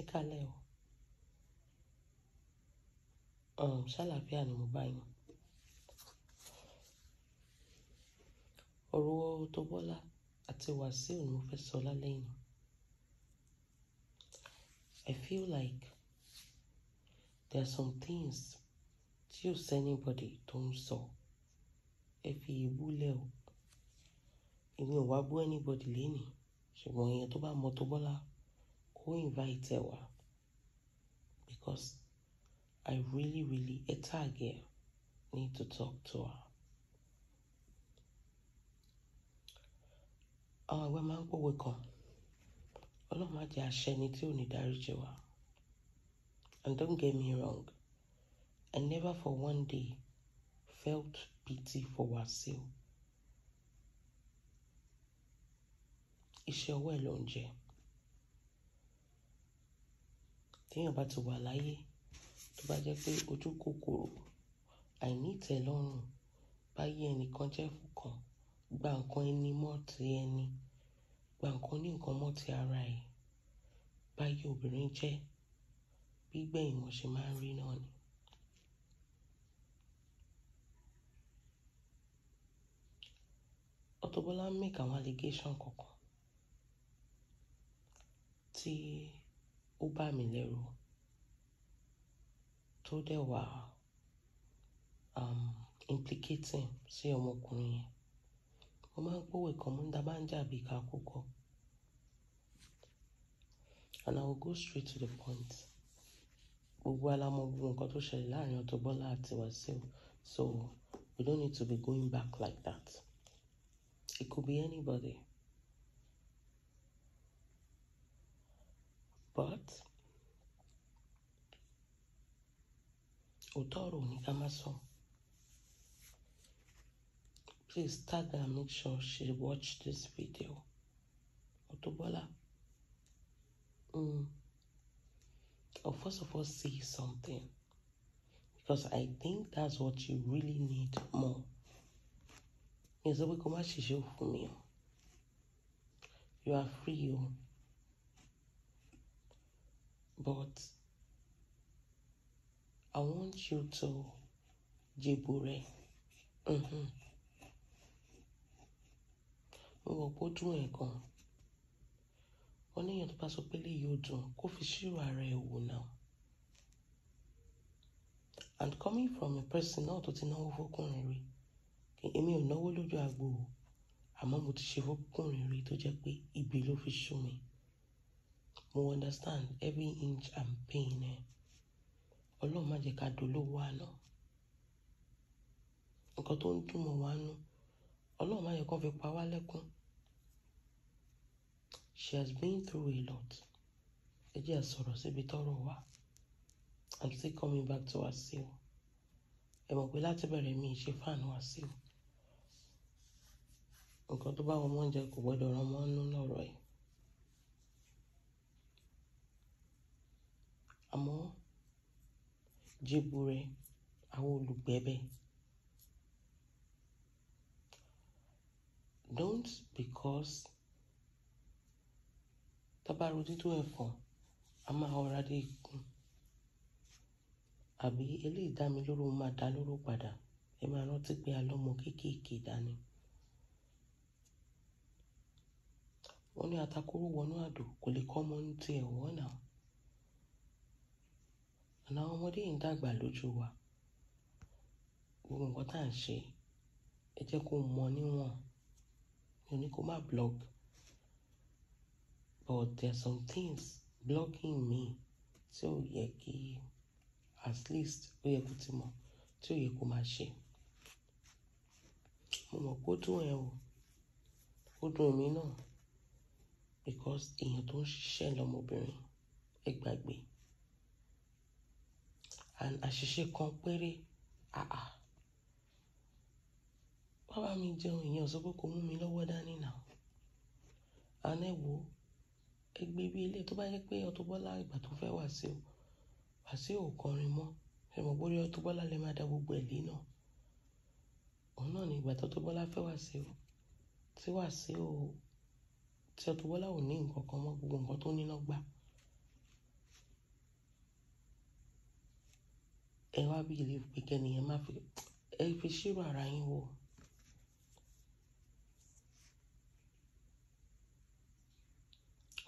ẹ kálẹ̀ o um, ṣàlàfíà ni mo bá yín ọ̀rọ̀ tó bọ́lá àti wàsíù ni mo fẹ́ sọ lálẹ́ yìí I feel like there are some things tí ò sẹ́nibọ̀dì tó ń sọ ẹ fi ìbú lẹ̀ o èmi ò wá bú anybody lénìí ṣùgbọ́n ìyẹn tó bá mọ tó bọ́lá who invited her? because I really, really a target need to talk to her. Àwọn ẹgbẹ́ máa ń pòwe All of my dear aṣẹni tí ò ní And don't get me wrong, I never for one day felt pity for Wasiu. Iṣẹ́ ọwọ́ well ló ń téèyàn bá ti wà láyé tó bá jẹ́ pé ojú kòkòrò àìní ìtẹ́lọ́rùn bá yé ẹnìkan jẹ́ fúnkan gba nǹkan ẹni mọ́ ti ẹni gba nǹkan ní nǹkan mọ́ ti ara ẹ̀ bá yé obìnrin jẹ́ gbígbẹ̀yìn wọn ṣe máa ń rí náà ni. Auto Bola make àwọn allegation kankan tí. Ti ó bà mí lẹ́rù tó dẹ̀ wà um, implicating sí ọmọkùnrin yẹn mo máa ń pòwe kan mo ń dábàá ń jàbí ká kókó and I will go straight to the point gbogbo alamọ gbogbo nǹkan tó ṣẹlẹ̀ láàrin Auto Bola àti Wasiu so we don't need to be going back like that it could be anybody. but òótọ́ ọ̀rọ̀ ni ká Please tag her and make sure she watch this video. Otobola. Mm. Or oh, first of all, say something. Because I think that's what you really need more. You are free. You oh. But I want you to jebore. Mm-hmm. Mo rò pé ó dùn ẹ̀ gan. Wọ́n ní èèyàn tó bá sọ pé lè yóò dùn kó fi ṣírò ara ẹ̀ wò náà. And coming from a person náà tó ti náwó fọkùnrin rí, èmi ò náwó lójú àgbo o, àmọ́ mo ti ṣe fọkùnrin rí tó jẹ́ pé ibi ló fi ṣú mi mo understand every inch and pain ẹ eh. ọlọ́run má jẹ́ ká dolówó àná nǹkan tó ń dùn mọ́ wa nú ọlọ́run má jẹ́ kó fi pa wá lẹ́kún she has been through a lot ẹ jẹ́ a sọ̀rọ̀ síbi tọ́rọ̀ wà and still coming back to Wasiu ẹ mọ̀ pé láti bẹ̀rẹ̀ mi ṣe fáànù Wasiu nǹkan tó bá wọn mọ́ ń jẹ kò gbọ́dọ̀ rán mọ́ nú lọ́rọ̀ yìí. àmọ́ jèbùrẹ àwọn olùgbẹ́bẹ̀. don't because tabaru títú ẹ̀fọn a máa ọ̀rá dé ikú àbí eléyìí dá mi lóró máa dá lóró padà ẹ máa rántí pé alọ́mọ kéékèèké dání. wọ́n ní atakóró wọnú àdó kò lè kọ́ ọmọ ní tiẹ̀ wọ́n náà làwọn ọmọdé yìí ń dàgbà lójú wa gbogbo nǹkan tá à ń ṣe ẹ jẹ́ kó mọ níwọ̀n mi ò ní kó má blog but there are some things blogging me tí ò yẹ kí at least ó yẹ kó ti mọ̀ tí ò yẹ kó máa ṣe mo mọ̀ kó dùn ẹ o ó dùn mí náà because èèyàn tó ń ṣiṣẹ́ lọ́mọbìnrin ẹ gbàgbé àṣìṣe kan péré. Àà, wá bá mi jẹun, ìyẹn ò sọ pé kó mú mi lọ́wọ́ dání now. And ẹ wò, ẹ gbé bí eléyìí tó bá jẹ́ pé Auto Bola ìgbà tó fẹ́ Wasiu, Wasiu ò kọrin mọ́. Ẹ mọ̀ pé orí Auto Bola lè máa da gbogbo ẹ̀lì náà. Òun náà ni ìgbà tí Auto Bola fẹ́ Wasiu, tí Wasiu, tí Auto Bola ò ní nǹkan kan mọ́, gbogbo nǹkan tó ní náà gbà. ẹ wá bí ilé pé kẹ́niyẹn má fi ẹ fi ṣírò ara yín wò.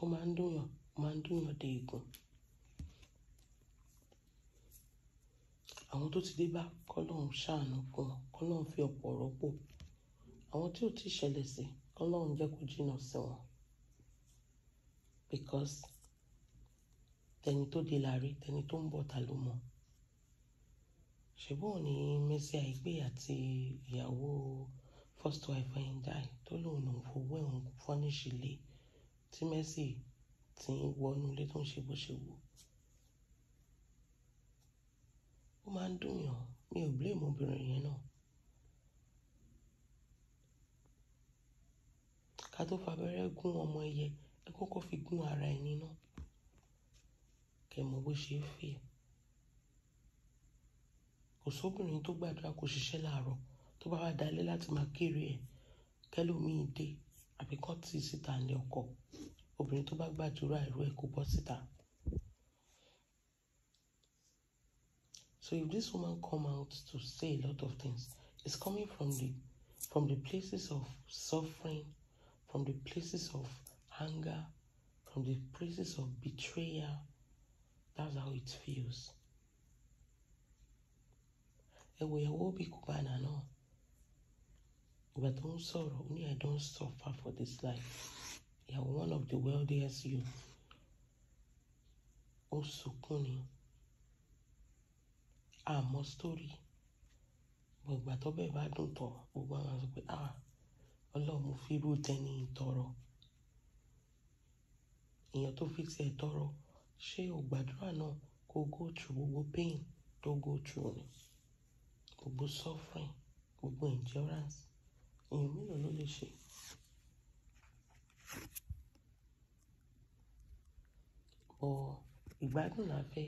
ó máa ń dùnyàn ó máa ń dùnyàn dé igun. àwọn tó ti dé bá kọ́lọ́hún ṣàánú fún wọn kọ́lọ́hún fi ọ̀pọ̀ rọ́pò àwọn tí ò ti ṣẹlẹ̀ sí kọ́lọ́hún jẹ́ kó jìnnà sí wọn. because tẹni tó dé la rí tẹni tó ń bọ̀ ta ló mọ̀ ṣùgbọ́n ní Mercy Aigbe àti ìyàwó first wife Ayindai tó lóun lòun fowó ẹ̀ ń fọ́níṣì ilé tí Mercy ti ń wọnú ilé tó ń ṣe bó ṣe wù ó máa ń dùn yàn mi ò blame obìnrin yẹn náà ká tó fabẹ́rẹ́ gún ọmọ ẹyẹ ẹ kọ́kọ́ fi gún ara ẹni náà kẹ́ mọ̀ bó ṣe fèé kò sóbìnrin tó gbàdúrà kó ṣiṣẹ́ láàárọ̀ tó bá wá dalé láti máa kéré ẹ̀ kẹlòmíì dé àbí kọ́ síta ní ọkọ obìnrin tó bá gbàdúrà irú ẹ̀ kó bọ́ síta. So if this woman come out to say a lot of things, it's coming from the from the places of suffering, from the places of anger, from the places of betrayal. That's how it feels ẹ wo ìyàwó bí Cubana náà ìgbà tó ń sọ̀rọ̀ ó ní I don't suffer for this life ìyàwó one of the wealthiest youth ó sunkún ni àmọ́ story gbọ̀ngbà tó bẹ́ẹ̀ bá dùn tọ̀ gbogbo àwọn sọ pé ah ọlọ́run mo fi irú tẹni tọrọ èèyàn tó fi tiẹ̀ tọrọ ṣé o gbàdúrà náà kó go through gbogbo pain tó go through ni gbogbo suffering gbogbo endurance èèyàn mélòó ló lè ṣe. bọ ìgbádùn la fẹ́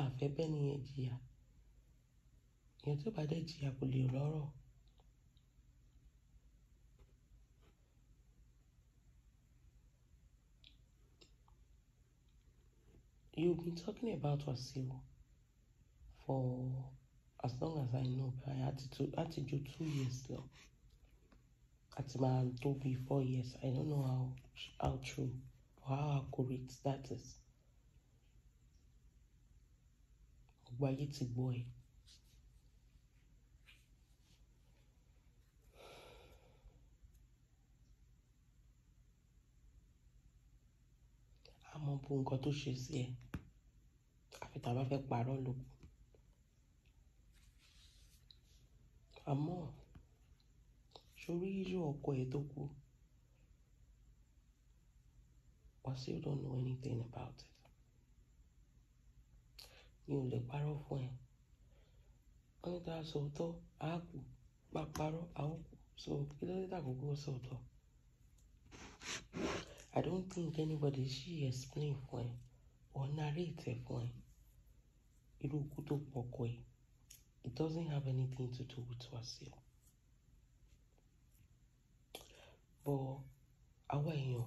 àfẹ́ bẹ́ẹ̀ ni yẹn jìyà èèyàn tó bá dẹ̀ jìyà kò lè rọ́rọ̀. You've been talking about Wasiu for as long as I know I had to, a ti ju two years lọ àti my tó be four years I don't know how how true or how accurate that is. Gbogbo ayé ti gbọ́ ẹ. àmọ́ bu nǹkan tó ṣe sí ẹ àfi tá a bá fẹ́ parọ́ lóko. àmọ́ sórí irú ọkọ ẹ̀ tó kú I still don't know anything about it mi ò lè parọ́ fún ẹ wọ́n ní ká sọ̀tọ̀ á kú bá parọ́ á kú so kí ló dé tàkókò sọ̀tọ̀ I don't think anybody she explain fún ẹ or narrate fún ẹ irú ikú tó pọ̀ kọ́ ẹ. It doesn't have anything to do with Wasiu. But our èèyàn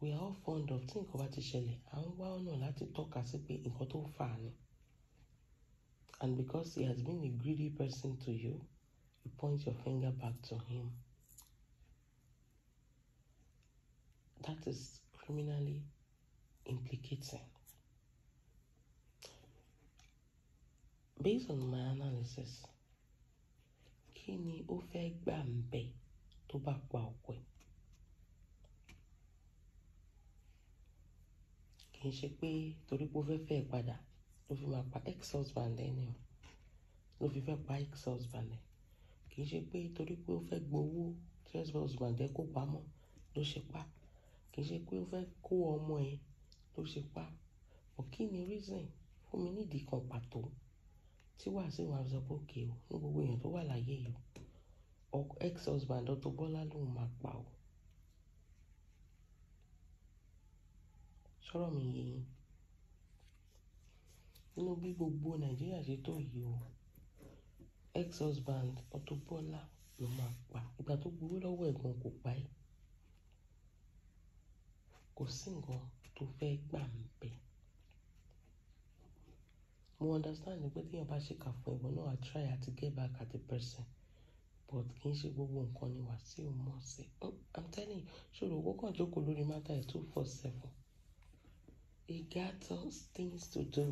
we are all fond of think about bá ti ṣẹlẹ̀ à ń wá ọ̀nà talk as if pé nǹkan tó fà And because he has been a greedy person to you, you point your finger back to him. That is criminally implicating. Based on my analysis, kí ni ó fẹ́ gbà ń bẹ̀ tó bá pa ọkọ ẹ̀? Kì í ṣe pé torí pé ó fẹ́ fẹ́ padà ló fi máa pa ex-husband ẹ̀ ni o, ló fi fẹ́ pa ex-husband ẹ̀. Kì í ṣe pé torí pé ó fẹ́ gbowó tí ex-husband ẹ̀ kó pamọ́ ló ṣe pa. Kì í ṣe pé ó fẹ́ kó ọmọ ẹ̀ ló ṣe pa. But kí ni reason? Fún mi ní ìdí kan pàtó tí wàásù wa sọ pé òkè o ní gbogbo èèyàn tó wà láyé yìí o ex husband Auto Bola lòun máa pa o sọ̀rọ̀ mi yé nínú bí gbogbo nàìjíríà ṣe tó yìí o ex husband Auto Bola ló máa pa ìgbà tó gbowó lọ́wọ́ ẹ̀gbọ́n kò pa ẹ́ kò sí nǹkan tó fẹ́ gbà ń bẹ́ẹ̀ mo understand pé téèyàn bá ṣèkà fún ìwọ náà i try àti get back at the person but kì í ṣe gbogbo nǹkan ni wà sí o mọ̀ sí oh, i'm telling you ṣòro owó kàn jókòó lórí mátà ẹ̀ two four seven he got us things to do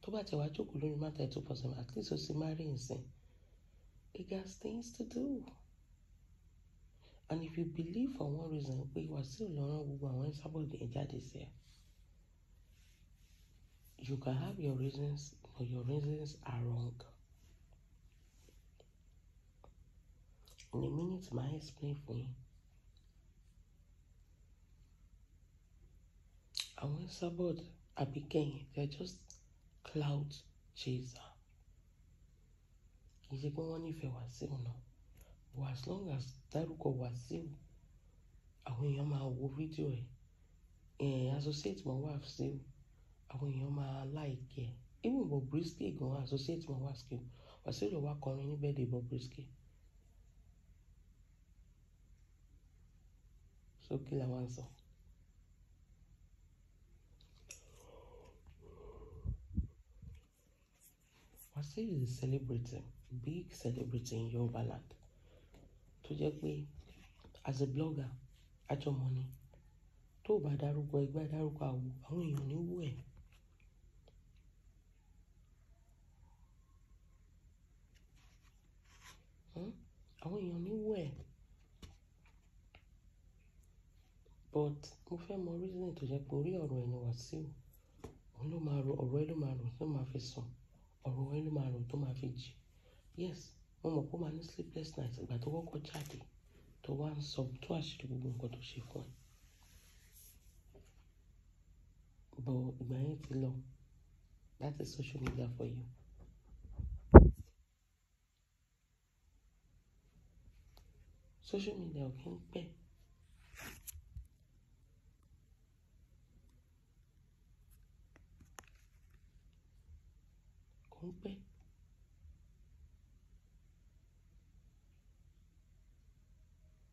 tó bá tẹ̀ wá jókòó lórí mátà ẹ̀ two four seven at least o sì má rí nsìn he got things to do and if you believe for one reason pé wàsíù lọ́rán gbogbo àwọn ẹ̀ sábọ̀ ìgbìyànjáde sí ẹ̀ you can have your reasons, but your reasons are wrong. In a minute, my explain for you. I want support. I Abikeng, they're just cloud chaser. Kì í ṣe pé wọ́n nífẹ̀ẹ́ Wàsíù náà. But as long as was I dárúkọ Wàsíù, àwọn èèyàn máa as I said, my wife Wàsíù àwọn èèyàn máa like ẹ̀ even Bobrisky gan associate mọ Wasiu Wasiu wá kọrin ní birthday Bobrisky so kí la wá ń sọ. Wasiu is a celebrity big celebrity in Yorùbá land tó jẹ́ pé as a blogger àjọmọ́ ni tó o bá dárúkọ ẹgbẹ́ dárúkọ àwọ̀ àwọn èèyàn ní wú ẹ̀. àwọn èèyàn ní wẹ̀ but mo fẹ́ mọ reason tó jẹ́ pé orí ọ̀rọ̀ ẹni Wàsíù òun ló máa rò ọ̀rọ̀ ẹ ló máa rò tó máa fi sùn ọ̀rọ̀ ẹ ló máa rò tó máa fi jì yes mo mọ̀ pé ó máa ní sleepless night ìgbà tó kọ́kọ́ jáde tó wá ń sọ tó àṣírí gbogbo nǹkan tó ṣe fún ẹ bọ̀ ìgbà yẹn ti lọ that social media for you. social media ò kí ń pẹ́. Kò ń pẹ́.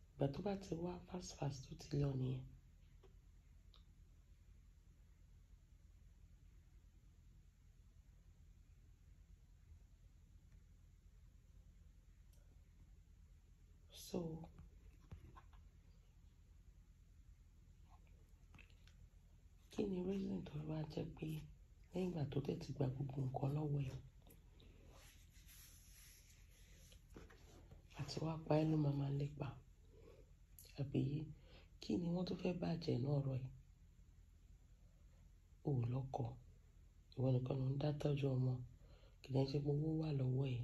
Ìgbà tó bá ti wá fast fast tó ti lọ nìyẹn. So kí ni reason tó wá jẹ́ pé lẹ́yìn ìgbà tó tẹ̀ ti gba gbogbo nǹkan lọ́wọ́ ẹ̀ àti wá pa ẹ́ ló máa máa lépa àbí kí ni wọ́n tó fẹ́ bàjẹ́ náà rọ̀ ẹ̀ ò lọ́kọ ìwọ nìkan ló ń dá tọ́jú ọmọ kì í ṣe pé owó wà lọ́wọ́ ẹ̀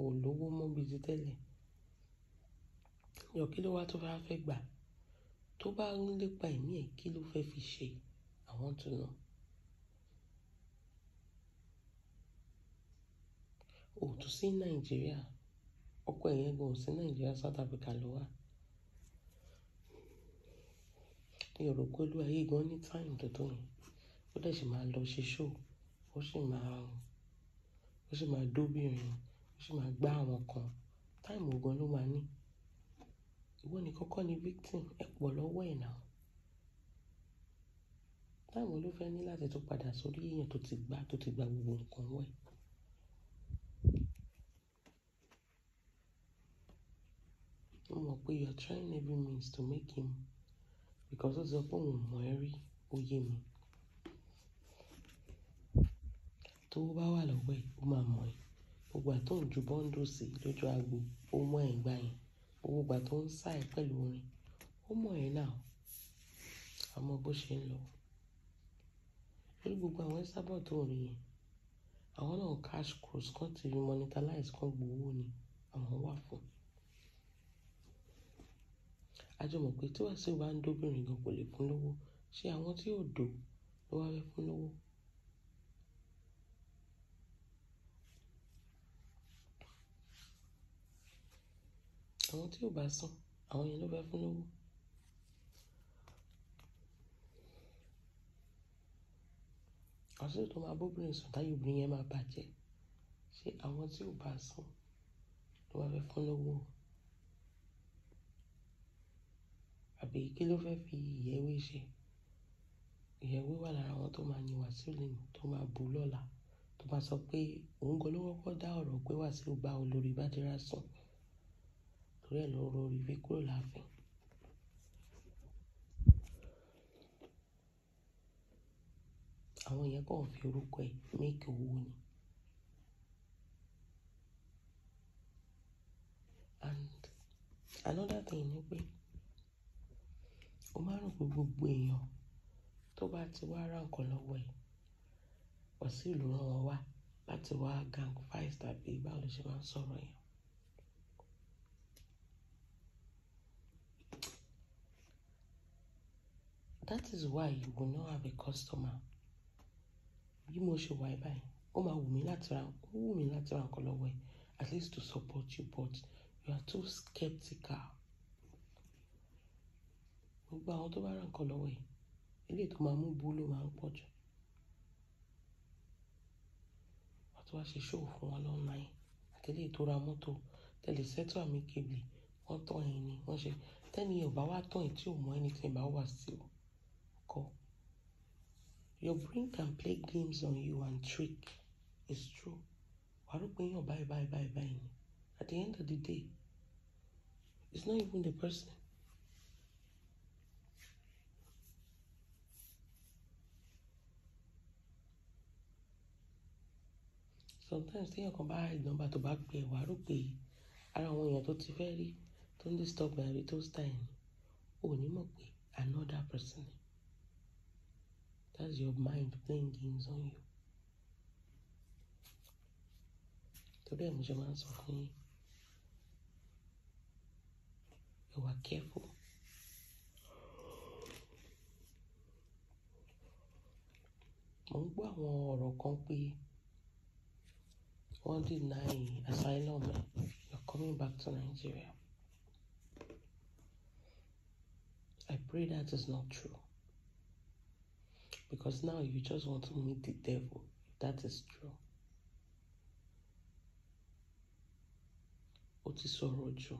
ò lówó mọ́ bíi ti tẹ́lẹ̀ yọ kí ló wá tó fẹ́ fẹ́ gbà tó bá ń lépa ẹ̀mí ẹ̀ kí ló fẹ́ fi ṣe I want to know. Oh, to see Nigeria. Ọkọ go see Nigeria. South Africa ló wà. Mi ò rò pé olúwa time to do it. But dẹ̀ my máa lọ ṣe show. Ó sì máa ó sì my dóbìnrin. Ó sì my gbá àwọn kan. Time wo gan ló máa ní? Ìwọ nìkan kọ́ any victim. Ẹ pọ̀ lọ́wọ́ ẹ̀ báwo ló fẹ́ ní láti tún padà sórí èèyàn tó ti gba tó ti gba gbogbo nǹkan wẹ̀. mo mọ̀ pé you are trying every means to make him because ó sọ pé òun mọ̀ ẹ́ rí ó mi tó bá wà lọ́wọ́ ẹ̀ ó máa mọ̀ ẹ́ gbogbo àtọ́ òjò bọ́ńdò sí lójú agbo ó mọ̀ ẹ̀ gbà yẹn gbogbo àgbà ń sá ẹ̀ pẹ̀lú orin ó mọ̀ ẹ́ náà àmọ́ bó ṣe ń lọ torí gbogbo àwọn instagram tó ń rí yẹn àwọn náà cash crops kan ti monetize kan gbowó ni àwọn wà fún àjọmọ̀ pé tí wàá sì wá ń dóbìnrin gan kò lè fún lówó ṣé àwọn tí ò dò ló wá fẹ́ fún lówó. àwọn tí ò bá sàn àwọn yẹn ló fẹ́ fún lówó. àsìkò tó máa bóbìnrin sùn táyé obìnrin yẹn máa bàjẹ́ ṣé àwọn tí ò bá sùn ló wá fẹ́ fún lówó àbí kí ló fẹ́ fi ìyẹ̀wé ṣe ìyẹ̀wé wà lára àwọn tó máa yin Wàsíù lẹ́yìn tó máa bù lọ́la tó máa sọ pé òun gan ló kọ́kọ́ dá ọ̀rọ̀ pé Wàsíù bá olórí Bádírá sùn torí ẹ̀ ló rọrí fi kúrò láàfin àwọn yẹn kàn fi orúkọ ẹ̀ make owó ni. And another thing ni pé o máa rò pé gbogbo èèyàn tó bá ti wá ra nǹkan lọ́wọ́ ẹ̀ Wàsíù ló rán wọn wá láti wá gang five tàbí báwo ló ṣe máa ń sọ̀rọ̀ yẹn. That is why you will not have a customer bí mo ṣe wà yìí báyìí ó máa wù mí láti ra ó wù mí láti ra nǹkan lọ́wọ́ ẹ̀ at least to support you but you are too sceptical. gbogbo àwọn tó bá ra nǹkan lọ́wọ́ ẹ̀ eléyìí tó máa mú bú ló máa ń pọ̀ jù. wọ́n ti wá ṣe ṣòwò fún wọn lọ́nláìn àti eléyìí tó ra mọ́tò tẹ̀lé sẹ́tọ̀ àmì kébìlì wọ́n tán ẹ̀yìn ni wọ́n ṣe tẹ́ni ọ̀bá wa tán ẹ̀ tí ò mọ ẹni tí ẹ̀ bá wà sí o. Your brain can play games on you and trick. It's true. Why rò pé èèyàn buy, buy, buy, báyìí At the end of the day, it's not even the person. sometimes téèyàn kan bá ìdánwò tó bá pè wá rò pé ara àwọn èèyàn tó ti fẹ́ Don't disturb my little time. Oh, ni ò ní another person That's your mind playing games on you. Today I'm ṣe máa ń You are careful. Mo ń gbọ́ àwọn ọ̀rọ̀ kan pé wọ́n deny asylum you You're coming back to Nigeria. I pray that is not true. because now you just want to meet the devil. That is true. Ó ti sọ̀rọ̀ jù.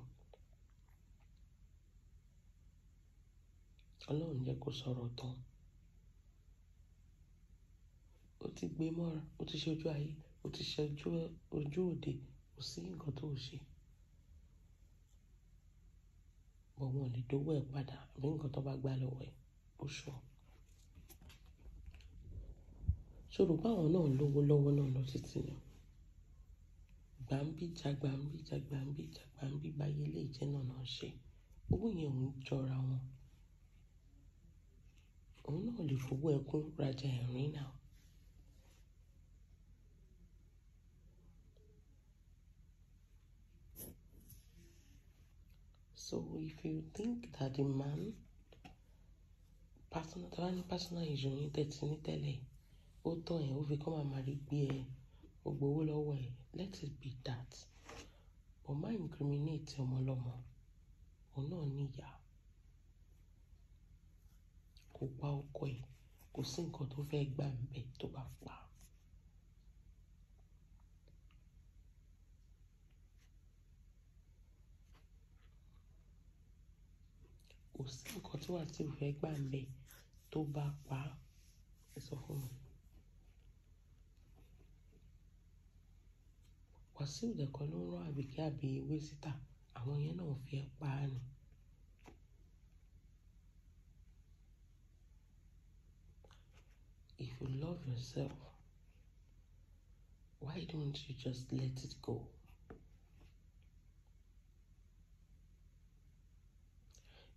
Ọlọ́run jẹ́ kó sọ̀rọ̀ tán. Ó ti gbé mọ́ra, ó ti ṣe ojú ayé, ó ti ṣe ojú òde, kò sí nǹkan tó ṣe. Bọ̀ lè dówó ẹ̀ padà àbí nǹkan tó bá gbà lọ́wọ́ ẹ̀, ó ṣọ̀rọ̀ ṣòro báwọn náà lówó lọ́wọ́ náà lọ títí náà gbàǹbíjà gbàǹbíjà gbàǹbíjà gbàǹbíjà ayé ilé ìjẹ́ náà náà ṣe owó yẹn òun jọra wọn òun náà lè fowó ẹkún rajà ẹ̀rín náà. So if you think that the man personal, personal hygiene, that's in Italy ó tàn ẹ́, ó fi kán máa máa rí gbé ẹ, ó gbowó lọ́wọ́ ẹ. Let it be that. But má incriminate ọmọlọ́mọ, òun náà ní ìyá. Kò pa ọkọ ẹ̀, kò sí nǹkan tó fẹ́ gbà ń bẹ̀ tó bá pa á. Kò sí nǹkan tí Wasiu fẹ́ gbà ń bẹ̀ tó bá pa Ẹ sọ fún mi. Wàsíù dẹ̀kọ́ ló ń rán Àbíkẹ́ àbí Wésítà àwọn yẹn náà fi ẹ́ pa á ni. If you love yourself, why don't you just let it go?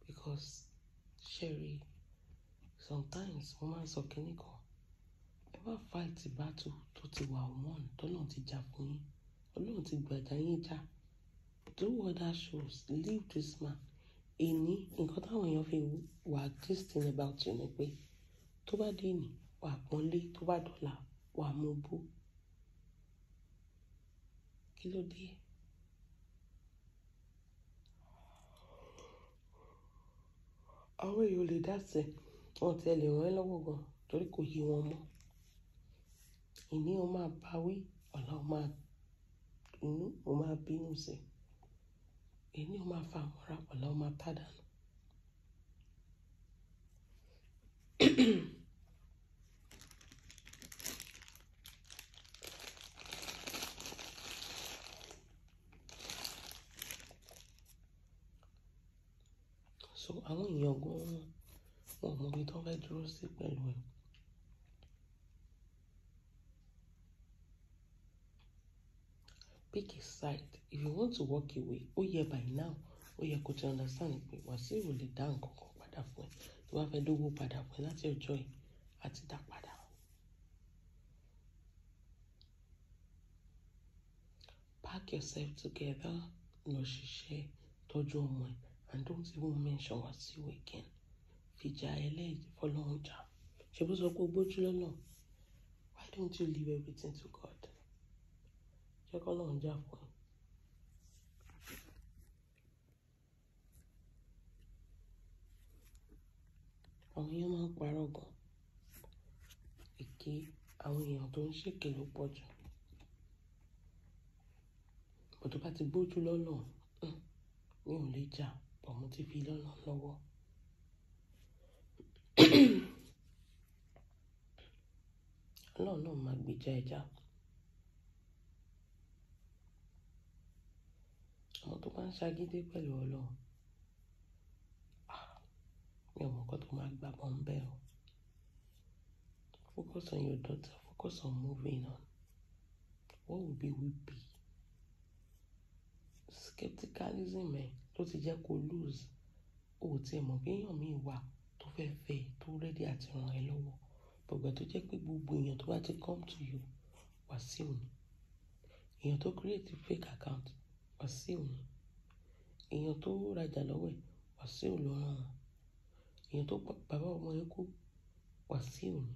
Because, Sherry, sometimes mo máa ń sọ kínní kan, ẹ má fight battle tó ti wà wọ́n tọ́lọ́ ti jà fún yín ọlọ́run ti gbàjà yín já do other shows leave this man èní nǹkan táwọn èèyàn fi wà gisting about you ni pé tó bá dé ní wà pọ́nlé tó bá dọ̀la wà mú bó kí ló dé. àwọn èèyàn lè dásẹ̀ wọn tiẹ̀ lè ràn ẹ́ lọ́wọ́ gan torí kò yé wọn mọ́ ìní o máa bá wí ọ̀la máa bínú mo máa bínú sí i èyí ó máa fa àwọn ará pàlà ó máa tádànù. so àwọn èèyàn gan-an wọn ò mọ tó fẹ́ dúró sí pẹ̀lú ẹ̀. side if you want to walk away ó yẹ by now ó yẹ kó ti understand pé Wàsíù lè dá nǹkan kan padà fún ẹ tó bá fẹ́ dówó padà fún ẹ láti ọjọ́ yìí àti dá padà. Pack yourself together lọ ṣiṣẹ́ tọ́jú ọmọ ẹ and don't even mention Wàsíù again fìjà ẹlẹ́yìí fọlọ́run jà ṣe bó sọ pé gbójú lọ́nà why don't you leave everything to God jẹ́ kọ́ lọ́run jà fún ẹ. àwọn èèyàn máa ń parọ́ gan. Èké àwọn èèyàn tó ń ṣèké ló pọ̀ jù. But tó bá ti gbójú lọ́nà, mi ò lè jà, but mo ti fi lọ́nà lọ́wọ́. Ọlọ́run náà máa gbèjà ẹ já. Àwọn tó bá ń ṣagídí pẹ̀lú Ọlọ́run, mi ò mọ̀ nǹkan tó máa gbà bọ́ ń bẹ́ẹ̀ o. Focus on your daughter, focus on moving on. What will be will be. Skepticalism ẹ̀ ló ti jẹ́ kó lose. O ò tiẹ̀ mọ̀ pé èèyàn mi wà tó fẹ́ fẹ́ tó rẹ́dí àti ràn ẹ́ lọ́wọ́. Bọ̀gbà tó jẹ́ pé gbogbo èèyàn tó bá ti come to you, Wàsíù ni. Èèyàn tó create fake account, Wàsíù ni. Èèyàn tó rajà lọ́wọ́ ẹ̀, Wàsíù ló rán wọn èèyàn tó pa bàbá ọmọ yẹn kú Wàsíù ni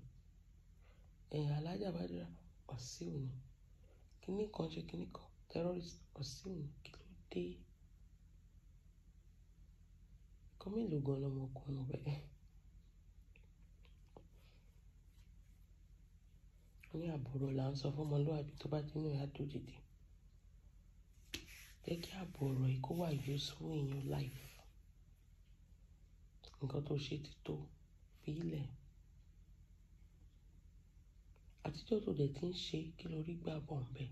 ẹ̀yìn alájà Bádírà Wàsíù ni kíní kan ṣe kíní kan terrorist Wàsíù ni kí ló dé nǹkan mélòó gan lọmọkùnrin bẹ́ẹ̀. ní àbúrò là ń sọ fọmọlúwàbí tó bá dínú ìyá tó dìde jẹ́ kí àbúrò yìí wà yóò sún èèyàn láìpẹ́ nǹkan tó ṣe ti tó fi ilẹ̀ àtijọ́ tó dẹ̀ ti ń ṣe kí lórí gbà bọ̀ ń bẹ̀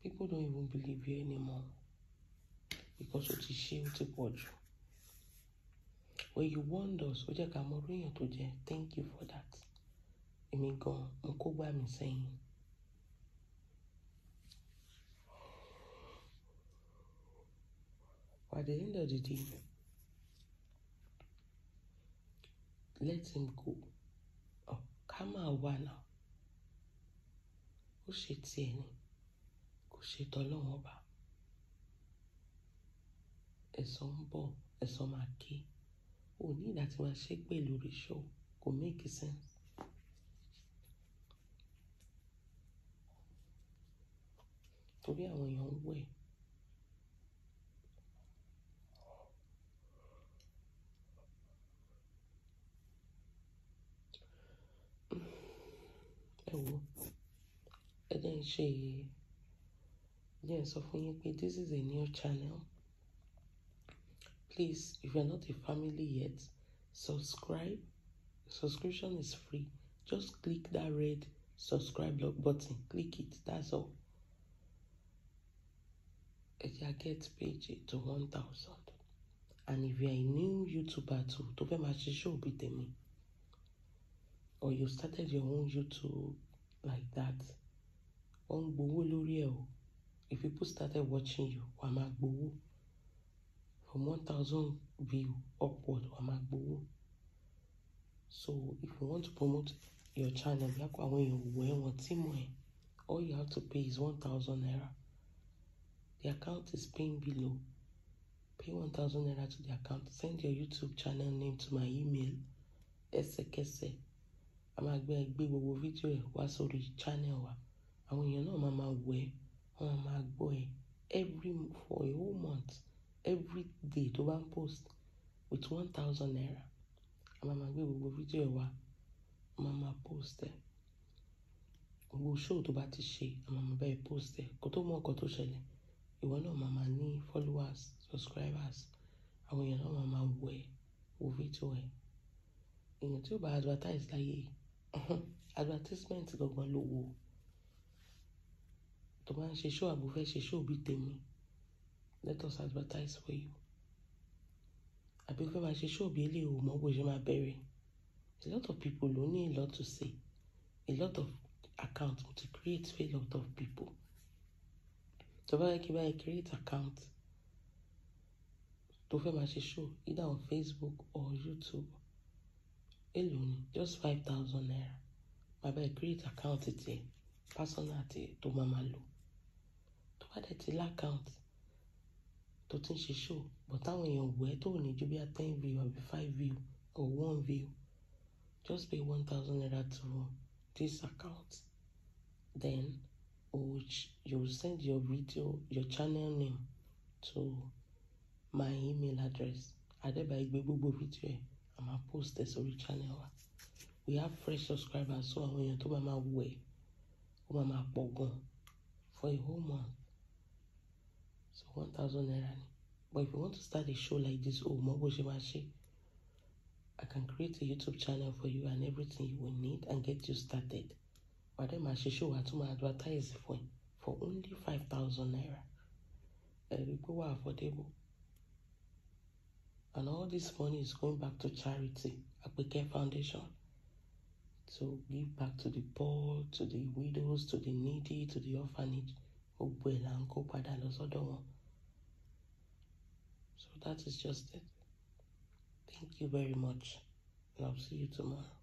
people don't even believe you anymore because o ti ṣe o ti pọ̀ jù when you warned us ó jẹ́ ká mọ orí èèyàn tó jẹ́ thank you for that èmi gan mo kó gbà mí sẹ́yìn. At the end of the day, let him go Oh, máa wà náà ó ṣe tiẹ̀ ni kò ṣe tọ́lọ́wọ́n ọba ẹ̀san ń bọ̀ ẹ̀san máa ké ò ní ìdá tí máa ṣe pé lórí show kò make sense. torí àwọn èèyàn ń wẹ̀ ẹ̀wọ̀ ẹ jẹ́ ń ṣe jẹ́ ń this is a new channel please if you're not a family yet subscribe subscription is free just click that red subscribe button click it that's all ẹ jẹ́ get page to one thousand and if you're a new YouTuber too don't be máa ṣe show the me or you started your own YouTube like that wọ́n ń gbowó lórí ẹ̀ o if people started watching you wàá máa gbowó from one thousand view upward wàá máa gbowó so if you want to promote your channel bí akọ àwọn èèyàn wò ẹ́ wọ́n tí mọ̀ ẹ́ all you have to pay is one thousand naira the account is paying below pay one thousand naira to the account send your YouTube channel name to my email ẹsẹ̀kẹsẹ̀ a máa gbé gbé gbogbo fídíò ẹ̀ wá sórí channel wa àwọn èèyàn náà máa máa wò ẹ́ wọ́n máa gbọ́ ẹ every for a whole month every day tó bá ń post with one thousand naira a máa máa gbé gbogbo fídíò ẹ̀ wá a máa máa post ẹ̀ gbogbo show tó bá ti ṣe a máa máa bẹ́ẹ̀ post ẹ̀ kó tó mọ̀ ọkọ̀ tó ṣẹlẹ̀ ìwọ náà máa máa ní followers subscribers àwọn èèyàn náà máa máa wò ẹ́ wò fídíò ẹ̀ èèyàn tí ó bá advertise láyé yìí advertisement gangan ló wo tó bá ń ṣe show àbò fẹ́ ṣe show bíi tèmi let us advertise for you àbí fẹ́ máa ṣe show bíi eléyìí ò mọ bó ṣe máa bẹ̀rẹ̀ a lot of people ló ní a lot to say a lot of account to create for a lot of people tó bá yẹ kí bá yẹ create account tó fẹ́ máa ṣe show either on Facebook or YouTube èlò just five thousand naira My bank create account tiẹ̀ personal tiẹ̀ tó máa máa lò tó bá dẹ̀ ti lákàùnt tó ti ń ṣe show but táwọn èèyàn wò ẹ́ tó ní ju bí i ten view àbí five view or one view just pay one thousand naira to this account then you send your video your channel name to my email address adébáyé gbé gbogbo fídíò ẹ̀ a máa post ẹ̀ sórí channel wa we have fresh subscribers so àwọn èèyàn tó bá máa wò ẹ̀ ó máa máa pọ̀ gan for a whole month so one thousand naira ni but if you want to start a show like this o mọ bó ṣe máa ṣe I can create a YouTube channel for you and everything you will need and get you started wàá dẹ́ máa ṣe show àtúmọ̀ advertise fún ẹ for only five thousand naira ẹ̀rí pé wà affordable. And all this money is going back to charity, Apeke Foundation, to give back to the poor, to the widows, to the needy, to the orphanage. So that is just it. Thank you very much, and I'll see you tomorrow.